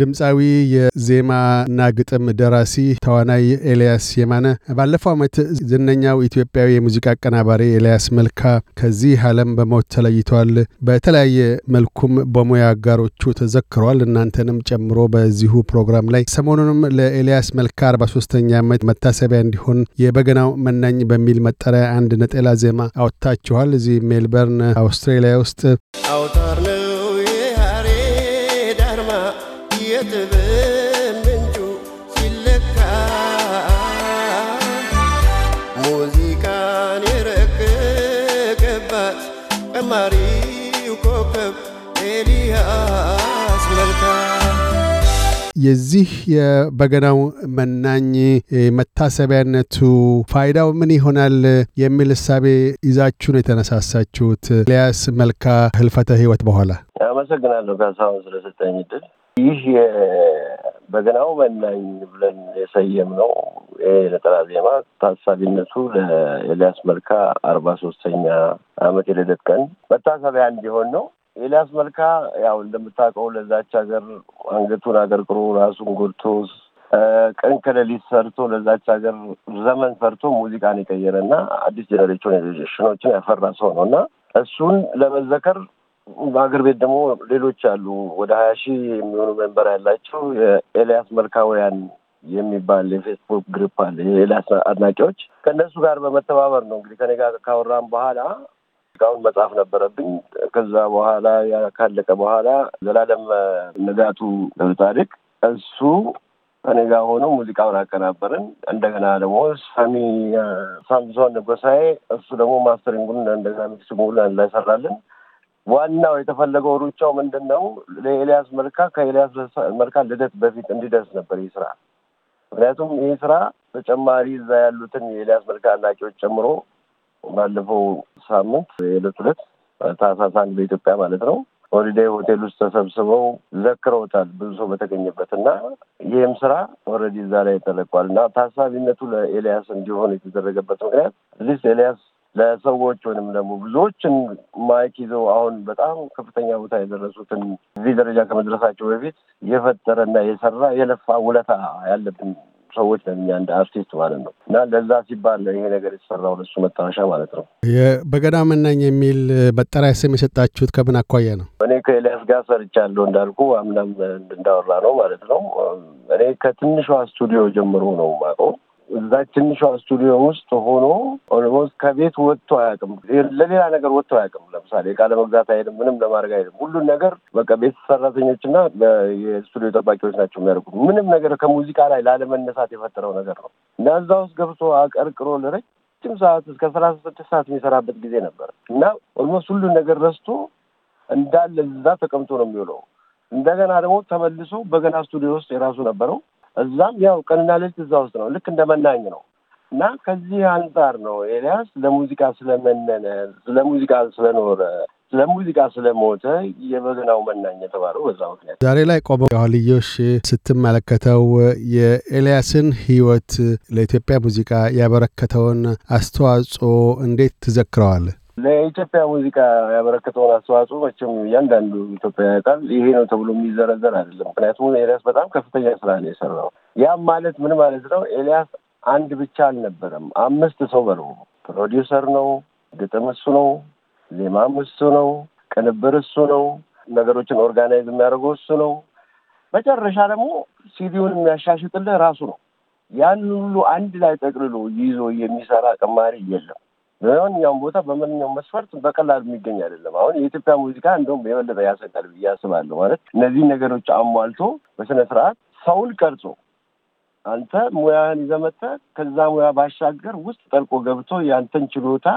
ድምፃዊ የዜማና ግጥም ደራሲ ተዋናይ ኤልያስ የማነ ባለፈው ዓመት ዝነኛው ኢትዮጵያዊ የሙዚቃ አቀናባሪ ኤልያስ መልካ ከዚህ ዓለም በሞት ተለይተዋል። በተለያየ መልኩም በሙያ አጋሮቹ ተዘክረዋል፣ እናንተንም ጨምሮ በዚሁ ፕሮግራም ላይ ሰሞኑንም ለኤልያስ መልካ 43ኛ ዓመት መታሰቢያ እንዲሆን የበገናው መናኝ በሚል መጠሪያ አንድ ነጠላ ዜማ አውጥታችኋል እዚህ ሜልበርን አውስትራሊያ ውስጥ ቀማሪው ኮከብ ኤልያስ የዚህ የበገናው መናኝ መታሰቢያነቱ ፋይዳው ምን ይሆናል የሚል እሳቤ ይዛችሁ ነው የተነሳሳችሁት? ኤልያስ መልካ ህልፈተ ህይወት በኋላ አመሰግናለሁ ካሳሁን ስለሰጠኝ እድል። ይህ በገናው መናኝ ብለን የሰየም ነው። ነጠላ ዜማ ታሳቢነቱ ለኤልያስ መልካ አርባ ሶስተኛ አመት የልደት ቀን መታሰቢያ እንዲሆን ነው። ኤልያስ መልካ ያው እንደምታውቀው ለዛች ሀገር አንገቱን አቀርቅሮ ራሱን ጎድቶ ቀን ከሌሊት ሰርቶ ለዛች ሀገር ዘመን ሰርቶ ሙዚቃን የቀየረ እና አዲስ ጀኔሬሽኖችን ያፈራ ሰው ነው እና እሱን ለመዘከር በአገር ቤት ደግሞ ሌሎች አሉ ወደ ሀያ ሺህ የሚሆኑ መንበር ያላቸው የኤልያስ መልካውያን የሚባል የፌስቡክ ግሩፕ አለ። የኤልያስ አድናቂዎች ከእነሱ ጋር በመተባበር ነው እንግዲህ ከኔ ጋር ካወራም በኋላ ሙዚቃውን መጽሐፍ ነበረብኝ። ከዛ በኋላ ካለቀ በኋላ ዘላለም ንጋቱ ገብረጻድቅ እሱ ከኔ ጋር ሆነው ሙዚቃውን አቀናበርን። እንደገና ደግሞ ሳሚ ሳምሶን ጎሳዬ እሱ ደግሞ ማስተሪንጉን እንደገና ሚክሲንጉን ላይ ሰራልን። ዋናው የተፈለገው ሩጫው ምንድን ነው? ለኤልያስ መልካ ከኤልያስ መልካ ልደት በፊት እንዲደርስ ነበር ይህ ስራ። ምክንያቱም ይህ ስራ ተጨማሪ እዛ ያሉትን የኤልያስ መልካ አድናቂዎች ጨምሮ ባለፈው ሳምንት የዕለት ሁለት ታህሳስ አንድ በኢትዮጵያ ማለት ነው ሆሊዴይ ሆቴል ውስጥ ተሰብስበው ዘክረውታል ብዙ ሰው በተገኘበት እና ይህም ስራ ኦልሬዲ እዛ ላይ ተለቋል እና ታሳቢነቱ ለኤልያስ እንዲሆን የተደረገበት ምክንያት ሊስት ኤልያስ ለሰዎች ወይም ደግሞ ብዙዎችን ማይክ ይዘው አሁን በጣም ከፍተኛ ቦታ የደረሱትን እዚህ ደረጃ ከመድረሳቸው በፊት የፈጠረና የሰራ የለፋ ውለታ ያለብን ሰዎች ነን እኛ እንደ አርቲስት ማለት ነው። እና ለዛ ሲባል ይሄ ነገር የተሰራው ለሱ መታወሻ ማለት ነው። በገና መናኝ የሚል መጠሪያ ስም የሰጣችሁት ከምን አኳያ ነው? እኔ ከኤልያስ ጋር ሰርቻለሁ እንዳልኩ አምናም እንዳወራ ነው ማለት ነው። እኔ ከትንሿ ስቱዲዮ ጀምሮ ነው የማውቀው እዛ ትንሿ ስቱዲዮ ውስጥ ሆኖ ኦልሞስት ከቤት ወጥቶ አያውቅም። ለሌላ ነገር ወጥቶ አያውቅም። ለምሳሌ እቃ ለመግዛት አይሄድም። ምንም ለማድረግ አይሄድም። ሁሉን ነገር በቃ ቤት ሰራተኞችና የስቱዲዮ ጠባቂዎች ናቸው የሚያደርጉት። ምንም ነገር ከሙዚቃ ላይ ላለመነሳት የፈጠረው ነገር ነው እና እዛ ውስጥ ገብቶ አቀርቅሮ ለረጅም ሰዓት እስከ ሰላሳ ስድስት ሰዓት የሚሰራበት ጊዜ ነበር እና ኦልሞስት ሁሉን ነገር ረስቶ እንዳለ እዛ ተቀምጦ ነው የሚውለው። እንደገና ደግሞ ተመልሶ በገና ስቱዲዮ ውስጥ የራሱ ነበረው እዛም ያው ቀንና ሌሊት እዛ ውስጥ ነው። ልክ እንደ መናኝ ነው። እና ከዚህ አንጻር ነው ኤልያስ ለሙዚቃ ስለመነነ፣ ስለሙዚቃ ስለኖረ፣ ለሙዚቃ ስለሞተ የበገናው መናኝ የተባለው በዛ ምክንያት። ዛሬ ላይ ቆመው ኋልዮሽ ስትመለከተው የኤልያስን ሕይወት ለኢትዮጵያ ሙዚቃ ያበረከተውን አስተዋጽኦ እንዴት ትዘክረዋል? ለኢትዮጵያ ሙዚቃ ያበረከተውን አስተዋጽኦ መቼም እያንዳንዱ ኢትዮጵያ ያውቃል። ይሄ ነው ተብሎ የሚዘረዘር አይደለም። ምክንያቱም ኤልያስ በጣም ከፍተኛ ስራ ነው የሰራው። ያም ማለት ምን ማለት ነው? ኤልያስ አንድ ብቻ አልነበረም፣ አምስት ሰው በለው። ፕሮዲውሰር ነው፣ ግጥም እሱ ነው፣ ዜማም እሱ ነው፣ ቅንብር እሱ ነው፣ ነገሮችን ኦርጋናይዝ የሚያደርገው እሱ ነው። መጨረሻ ደግሞ ሲዲውን የሚያሻሽጥልህ ራሱ ነው። ያን ሁሉ አንድ ላይ ጠቅልሎ ይዞ የሚሰራ ቀማሪ የለም። በማንኛውም ቦታ በማንኛውም መስፈርት በቀላሉ የሚገኝ አይደለም። አሁን የኢትዮጵያ ሙዚቃ እንደውም የበለጠ ያሰጋል ብዬ አስባለሁ። ማለት እነዚህ ነገሮች አሟልቶ በስነ ስርዓት ሰውን ቀርጾ አንተ ሙያህን ይዘመተ ከዛ ሙያ ባሻገር ውስጥ ጠልቆ ገብቶ ያንተን ችሎታ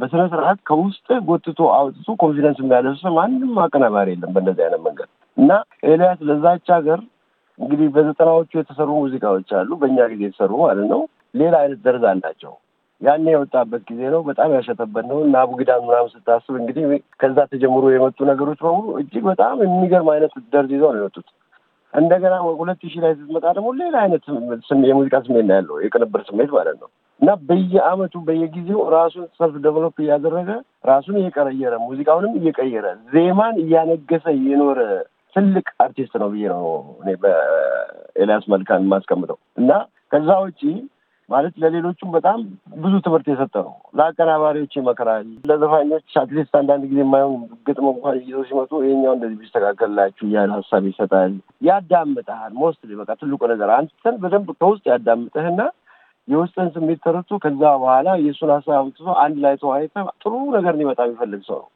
በስነ ስርዓት ከውስጥ ጎትቶ አውጥቶ ኮንፊደንስ የሚያደርስ ማንም አቀናባሪ የለም በእነዚህ አይነት መንገድ እና ኤልያስ ለዛች ሀገር እንግዲህ በዘጠናዎቹ የተሰሩ ሙዚቃዎች አሉ፣ በእኛ ጊዜ የተሰሩ ማለት ነው። ሌላ አይነት ደረጃ አላቸው። ያኔ የወጣበት ጊዜ ነው። በጣም ያሸተበት ነው። እና አቡጊዳን ምናምን ስታስብ እንግዲህ ከዛ ተጀምሮ የመጡ ነገሮች በሙሉ እጅግ በጣም የሚገርም አይነት ደርዝ ይዘው ነው የወጡት። እንደገና ሁለት ሺህ ላይ ስትመጣ ደግሞ ሌላ አይነት የሙዚቃ ስሜት ነው ያለው፣ የቅንብር ስሜት ማለት ነው። እና በየአመቱ በየጊዜው ራሱን ሰልፍ ደቨሎፕ እያደረገ ራሱን እየቀረየረ ሙዚቃውንም እየቀየረ ዜማን እያነገሰ የኖረ ትልቅ አርቲስት ነው ብዬ ነው እኔ በኤልያስ መልካን የማስቀምጠው እና ከዛ ውጪ ማለት ለሌሎቹም በጣም ብዙ ትምህርት የሰጠ ነው። ለአቀናባሪዎች ይመክራል። ለዘፋኞች አትሊስት አንዳንድ ጊዜ የማይሆን ግጥም እንኳን ይዘው ሲመጡ ይሄኛው እንደዚህ ቢስተካከልላችሁ እያለ ሀሳብ ይሰጣል። ያዳምጠሃል። ሞስት በቃ ትልቁ ነገር አንተን በደንብ ከውስጥ ያዳምጠህና የውስጥን ስሜት ተረቶ ከዛ በኋላ የእሱን ሀሳብ አምጥቶ አንድ ላይ ተዋይተ ጥሩ ነገር ሊመጣ የሚፈልግ ሰው ነው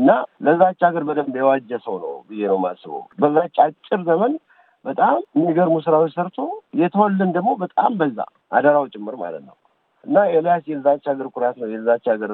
እና ለዛች ሀገር በደንብ የዋጀ ሰው ነው ብዬ ነው የማስበው። በዛች አጭር ዘመን በጣም የሚገርሙ ስራዎች ሰርቶ የተወልን ደግሞ በጣም በዛ አደራው ጭምር ማለት ነው እና ኤልያስ የዛች ሀገር ኩራት ነው የዛች ሀገር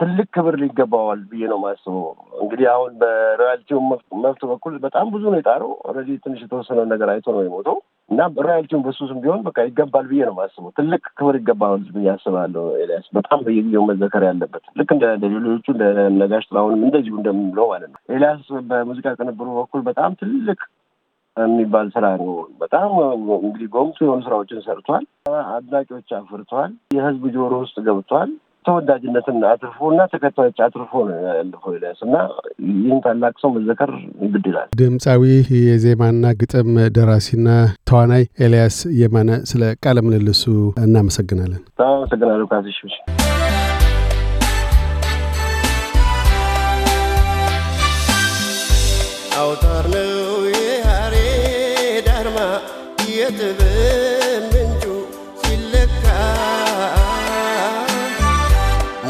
ትልቅ ክብር ሊገባዋል ብዬ ነው የማስበው። እንግዲህ አሁን በሮያልቲውን መብት በኩል በጣም ብዙ ነው የጣረው። ኦልሬዲ ትንሽ የተወሰነ ነገር አይቶ ነው የሞተው እና ሮያልቲውን በሱስም ቢሆን በቃ ይገባል ብዬ ነው የማስበው። ትልቅ ክብር ይገባዋል ብዬ አስባለሁ። ኤልያስ በጣም በየጊዜው መዘከር ያለበት ልክ እንደ ሌሎቹ እንደ ነጋሽ ጥላሁንም እንደዚሁ እንደምንለው ማለት ነው። ኤልያስ በሙዚቃ ቅንብሩ በኩል በጣም ትልቅ የሚባል ስራ ነው። በጣም እንግዲህ ጎምቱ የሆኑ ስራዎችን ሰርቷል። አድናቂዎች አፍርቷል። የህዝብ ጆሮ ውስጥ ገብቷል። ተወዳጅነትን አትርፎ እና ተከታዮች አትርፎ ነው ያለፈው ኤልያስ እና ይህን ታላቅ ሰው መዘከር ግድ ድምፃዊ የዜማና ግጥም ደራሲና ተዋናይ ኤልያስ የማነ ስለ ቃለ ምልልሱ እናመሰግናለን። አመሰግናለሁ ካስሽ አውታር የጥበብ ምንጩ ሲለካ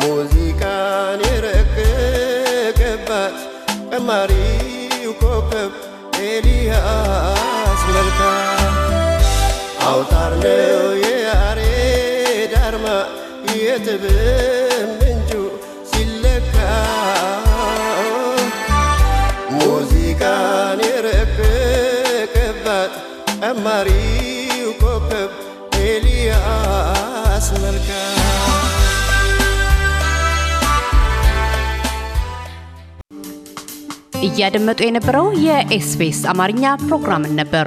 ሙዚቃን የረቀቀባት ቀማሪው ኮከብ ኤልያስ መልካ አውታር ነው የያሬድ አርማ የጥበብ ዘማሪው ኮከብ ኤልያስ መልካ እያደመጡ የነበረው የኤስቢኤስ አማርኛ ፕሮግራምን ነበር።